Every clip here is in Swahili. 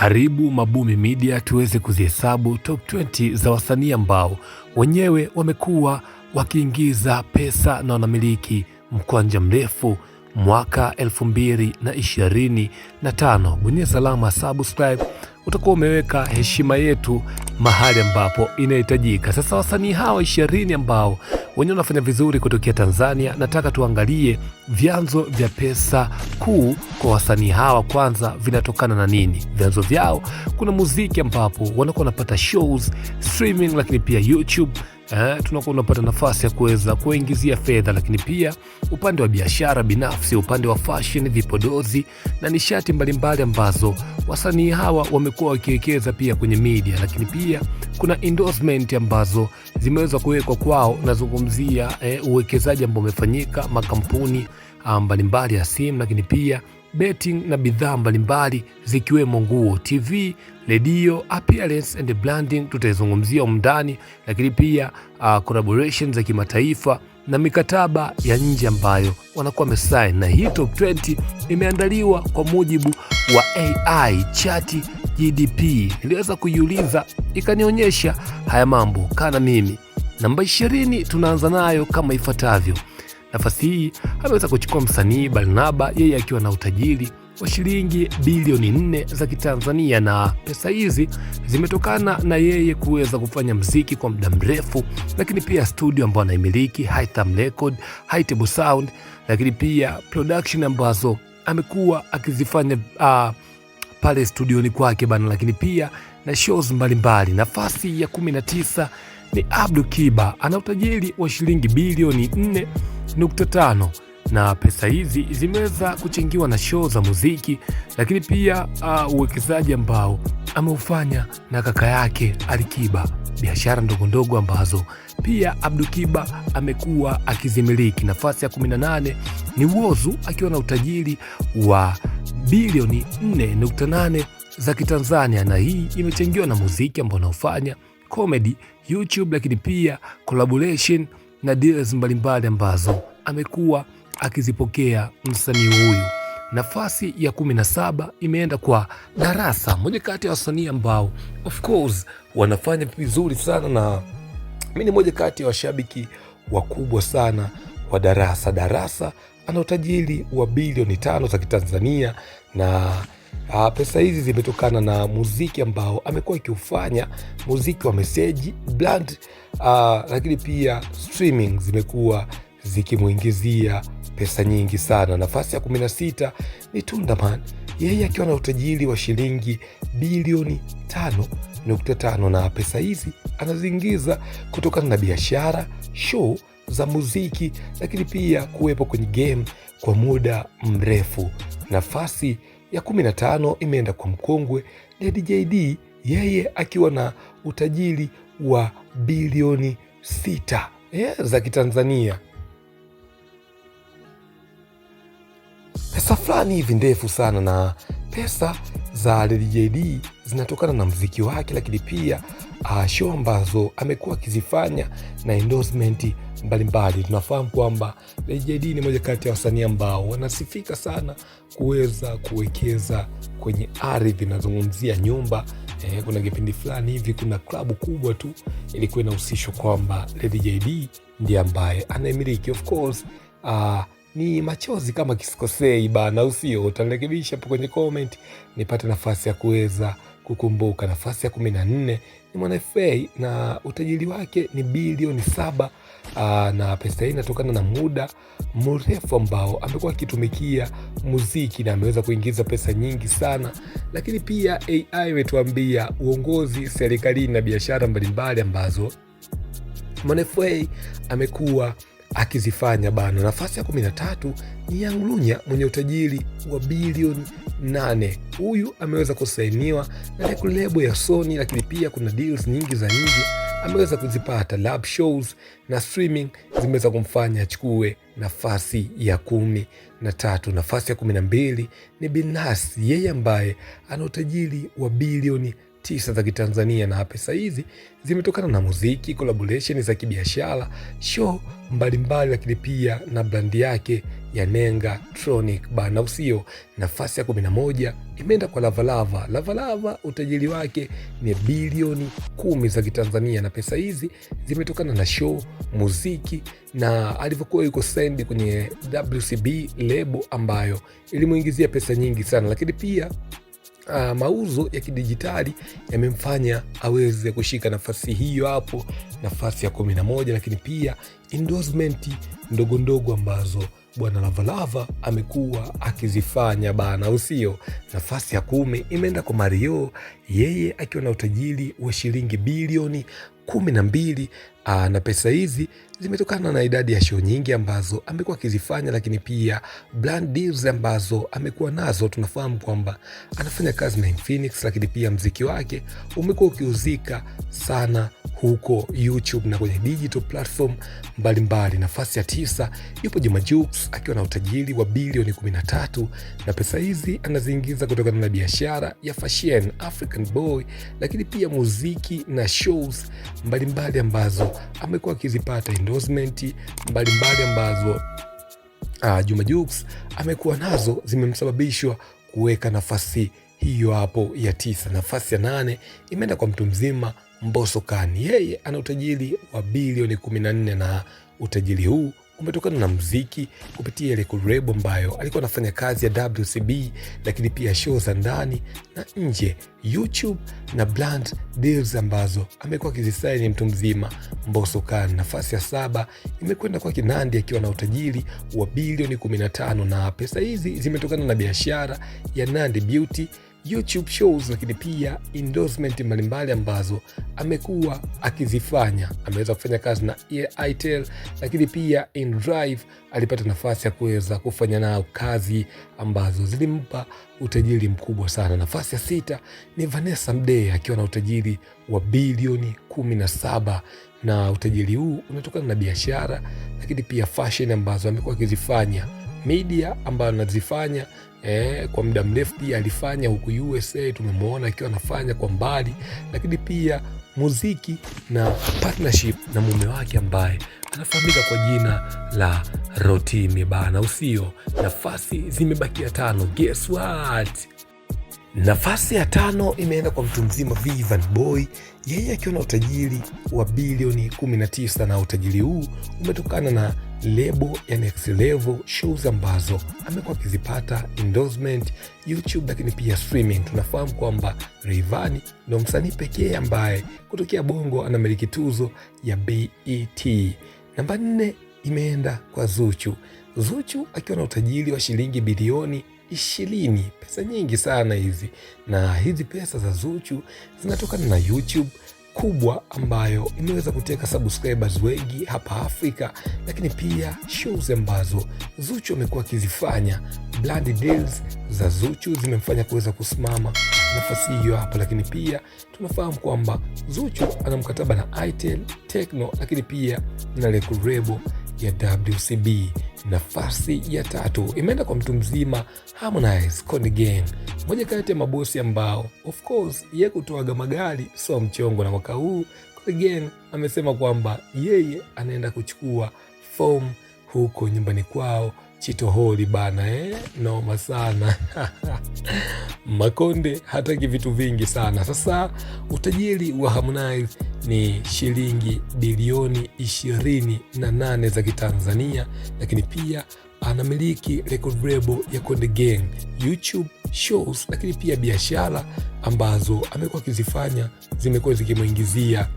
Karibu Mabumi Media tuweze kuzihesabu top 20 za wasanii ambao wenyewe wamekuwa wakiingiza pesa na wanamiliki mkwanja mrefu mwaka 2025. Bonyeza salama subscribe, utakuwa umeweka heshima yetu mahali ambapo inahitajika. Sasa wasanii hawa 20 ambao wenyewe wanafanya vizuri kutokea Tanzania. Nataka tuangalie vyanzo vya pesa kuu kwa wasanii hawa, kwanza vinatokana na nini? Vyanzo vyao, kuna muziki ambapo wanakuwa wanapata shows streaming, lakini pia YouTube eh, tunakuwa unapata nafasi ya kuweza kuingizia fedha, lakini pia upande wa biashara binafsi, upande wa fashion, vipodozi na nishati mbalimbali ambazo wasanii hawa wamekuwa wakiwekeza pia kwenye media, lakini pia kuna endorsement ambazo zimeweza kuwekwa kwao. Nazungumzia eh, uwekezaji ambao umefanyika makampuni ah, mbalimbali ya simu, lakini pia betting na bidhaa mbalimbali zikiwemo nguo, TV, redio, appearance and branding tutaizungumzia umndani, lakini pia uh, collaboration za kimataifa na mikataba ya nje ambayo wanakuwa wamesign. Na hii top 20 imeandaliwa kwa mujibu wa AI chat GDP. Niliweza kuiuliza ikanionyesha haya mambo. Kana mimi namba 20 tunaanza nayo kama ifuatavyo. Nafasi hii ameweza kuchukua msanii Barnaba, yeye akiwa na utajiri wa shilingi bilioni nne za Kitanzania, na pesa hizi zimetokana na yeye kuweza kufanya mziki kwa muda mrefu, lakini pia studio ambayo anaimiliki Hitam Record, Hitable Sound, lakini pia production ambazo amekuwa akizifanya uh, pale studioni kwake bana, lakini pia na shows mbalimbali. Nafasi ya kumi na tisa ni Abdul Kiba, ana utajiri wa shilingi bilioni nne 3.5 na pesa hizi zimeweza kuchangiwa na show za muziki, lakini pia uh, uwekezaji ambao ameufanya na kaka yake Alikiba, biashara ndogondogo ambazo pia Abdukiba amekuwa akizimiliki. Nafasi ya 18 ni Whozu akiwa na utajiri wa bilioni 4.8 za Kitanzania, na hii imechangiwa na muziki ambao anaofanya comedy, YouTube, lakini pia collaboration na deals mbalimbali ambazo amekuwa akizipokea msanii huyu. Nafasi ya kumi na saba imeenda kwa Darasa, moja kati ya wasanii ambao of course wanafanya vizuri sana, na mi ni moja kati ya washabiki wakubwa sana wa Darasa. Darasa ana utajiri wa bilioni tano za Kitanzania na Uh, pesa hizi zimetokana na muziki ambao amekuwa akiufanya, muziki wa meseji bland, uh, lakini pia streaming zimekuwa zikimwingizia pesa nyingi sana. Nafasi ya 16 ni Tundaman, yeye akiwa na utajiri wa shilingi bilioni 5.5, na pesa hizi anaziingiza kutokana na biashara, show za muziki, lakini pia kuwepo kwenye game kwa muda mrefu. Nafasi ya 15 imeenda kwa mkongwe Lady Jaydee, yeye akiwa na utajiri wa bilioni sita eh, za Kitanzania, pesa fulani hivi ndefu sana na pesa za Lady Jaydee zinatokana na mziki wake, lakini pia uh, show ambazo amekuwa akizifanya na endorsement mbalimbali. Tunafahamu kwamba Lady Jaydee ni moja kati ya wasanii ambao wanasifika sana kuweza kuwekeza kwenye ardhi, nazungumzia nyumba eh. Kuna kipindi fulani hivi kuna klabu kubwa tu ilikuwa inahusishwa kwamba Lady Jaydee ndiye ambaye anaimiliki of course uh, ni machozi kama kisikosei bana, usio utarekebisha hapo kwenye comment nipate nafasi ya kuweza kukumbuka. Nafasi ya kumi na nne ni Mwana FA na utajiri wake ni bilioni saba. Aa, na pesa hii inatokana na muda mrefu ambao amekuwa akitumikia muziki na ameweza kuingiza pesa nyingi sana, lakini pia AI imetuambia uongozi serikalini na biashara mbalimbali ambazo Mwana FA amekuwa akizifanya bana Nafasi ya kumi na tatu ni Yanglunya mwenye utajiri wa bilioni nane. Huyu ameweza kusainiwa na record label ya Sony, lakini pia kuna deals nyingi za nje ameweza kuzipata. Lab shows na streaming zimeweza kumfanya achukue nafasi ya kumi na tatu. Nafasi ya kumi na mbili ni Binasi, yeye ambaye ana utajiri wa bilioni tisa za Kitanzania na pesa hizi zimetokana na muziki, collaboration za kibiashara, show mbalimbali, lakini pia na brandi yake ya Nenga Tronic bana usio. Nafasi ya 11 imeenda kwa Lavalava. Lavalava utajiri wake ni bilioni kumi za Kitanzania na pesa hizi zimetokana na show, muziki na alivyokuwa yuko send kwenye WCB lebo ambayo ilimuingizia pesa nyingi sana, lakini pia uh, mauzo ya kidijitali yamemfanya aweze kushika nafasi hiyo hapo, nafasi ya kumi na moja, lakini pia endorsement ndogo ndogo ambazo bwana Lavalava amekuwa akizifanya bana, usio Nafasi ya kumi imeenda kwa Mario, yeye akiwa na utajiri wa shilingi bilioni kumi na mbili ah, na pesa hizi zimetokana na idadi ya show nyingi ambazo amekuwa akizifanya, lakini pia brand deals ambazo amekuwa nazo. Tunafahamu kwamba anafanya kazi na Infinix, lakini pia mziki wake umekuwa ukiuzika sana huko YouTube na kwenye digital platform mbalimbali. Nafasi ya tisa yupo Juma Jux akiwa na utajiri wa bilioni 13, na pesa hizi anaziingiza kutokana na biashara ya fashion African boy, lakini pia muziki na shows mbalimbali ambazo amekuwa akizipata, endorsement mbalimbali ambazo uh, Juma Jux amekuwa nazo zimemsababishwa kuweka nafasi hiyo hapo ya tisa. Nafasi ya nane imeenda kwa mtu mzima Mbosso Khan, yeye ana utajiri wa bilioni 14 na utajiri huu umetokana na mziki kupitia ile kurebo ambayo alikuwa anafanya kazi ya WCB, lakini pia show za ndani na nje, YouTube na brand deals ambazo amekuwa akizisaini mtu mzima. Mbosso Khan nafasi ya saba imekwenda kwake Kinandi akiwa na utajiri wa bilioni 15, na pesa hizi zimetokana na biashara ya nandi Beauty YouTube shows, lakini pia endorsement mbalimbali ambazo amekuwa akizifanya. Ameweza kufanya kazi na Itel, lakini pia InDrive alipata nafasi ya kuweza kufanya nao kazi ambazo zilimpa utajiri mkubwa sana. Nafasi ya sita ni Vanessa Mdee akiwa na utajiri wa bilioni kumi na saba na utajiri huu unatokana na biashara, lakini pia fashion ambazo amekuwa akizifanya media ambayo anazifanya eh, kwa muda mrefu pia alifanya huku USA, tumemwona akiwa anafanya kwa mbali, lakini pia muziki na partnership na mume wake ambaye anafahamika kwa jina la Rotimi bana, usio nafasi zimebakia tano. Guess what? Nafasi ya tano imeenda kwa mtu mzima Vivian Boy, yeye akiwa na utajiri wa bilioni 19 na utajiri huu umetokana na lebo ya next level shows ambazo amekuwa akizipata endorsement YouTube, lakini pia streaming. Tunafahamu kwamba Rayvanny ndo msanii pekee ambaye kutokea Bongo anamiliki tuzo ya BET. Namba nne imeenda kwa Zuchu. Zuchu akiwa na utajiri wa shilingi bilioni ishirini, pesa nyingi sana hizi, na hizi pesa za Zuchu zinatokana na YouTube kubwa ambayo imeweza kuteka subscribers wengi hapa Afrika, lakini pia shows ambazo Zuchu amekuwa akizifanya, Blood deals za Zuchu zimemfanya kuweza kusimama nafasi hiyo hapa, lakini pia tunafahamu kwamba Zuchu ana mkataba na Itel, Tecno, lakini pia na lebo ya WCB. Nafasi ya tatu imeenda kwa mtu mzima Harmonize Konde Gang, moja kati ya mabosi ambao of course ye kutoaga magari so mchongo, na mwaka huu Konde Gang amesema kwamba yeye anaenda kuchukua fomu huko nyumbani kwao Chitoholi bana eh? Noma sana Makonde hataki vitu vingi sana. Sasa utajiri wa Harmonize ni shilingi bilioni ishirini na nane za Kitanzania, lakini pia anamiliki record label ya Konde Gang, YouTube shows, lakini pia biashara ambazo amekuwa akizifanya zimekuwa zikimuingizia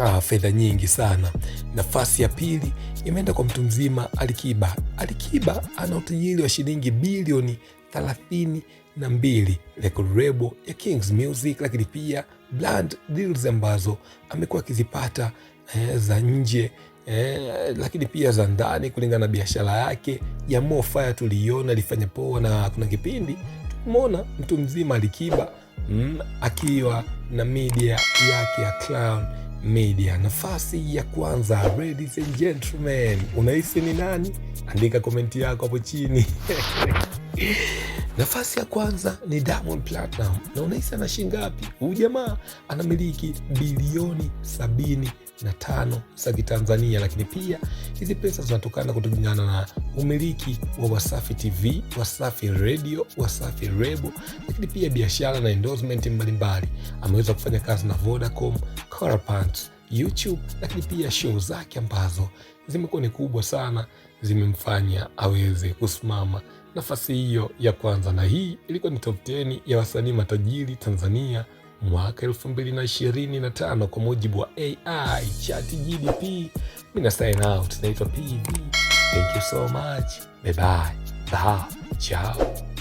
ah, fedha nyingi sana. Nafasi ya pili imeenda kwa mtu mzima Alikiba. Alikiba ana utajiri wa shilingi bilioni thelathini na mbili, rekodi lebo ya Kings Music, lakini pia brand deals ambazo amekuwa akizipata eh, za nje Eh, lakini pia za ndani kulingana na biashara yake ya Mofaya tuliiona alifanya poa, na kuna kipindi tumeona mtu mzima Alikiba mm, akiwa na media yake ya Clown Media. Nafasi ya kwanza, ladies and gentlemen, unahisi ni nani? Andika komenti yako hapo chini. Nafasi ya kwanza ni Diamond Platnumz, na unahisi ana shilingi ngapi? Huyu jamaa anamiliki bilioni sabini na tano za Kitanzania, lakini pia hizi pesa zinatokana kutokana na umiliki wa Wasafi TV, Wasafi Radio, Wasafi Rebo, lakini pia biashara na endorsement mbalimbali. Ameweza kufanya kazi na Vodacom, Colorpants, YouTube, lakini pia show zake ambazo zimekuwa ni kubwa sana zimemfanya aweze kusimama nafasi hiyo ya kwanza, na hii ilikuwa ni top 10 ya wasanii matajiri Tanzania mwaka 2025 kwa mujibu wa AI chat GDP. Mimi na sign out, naitwa PB. Thank you so much, bye bye, ciao.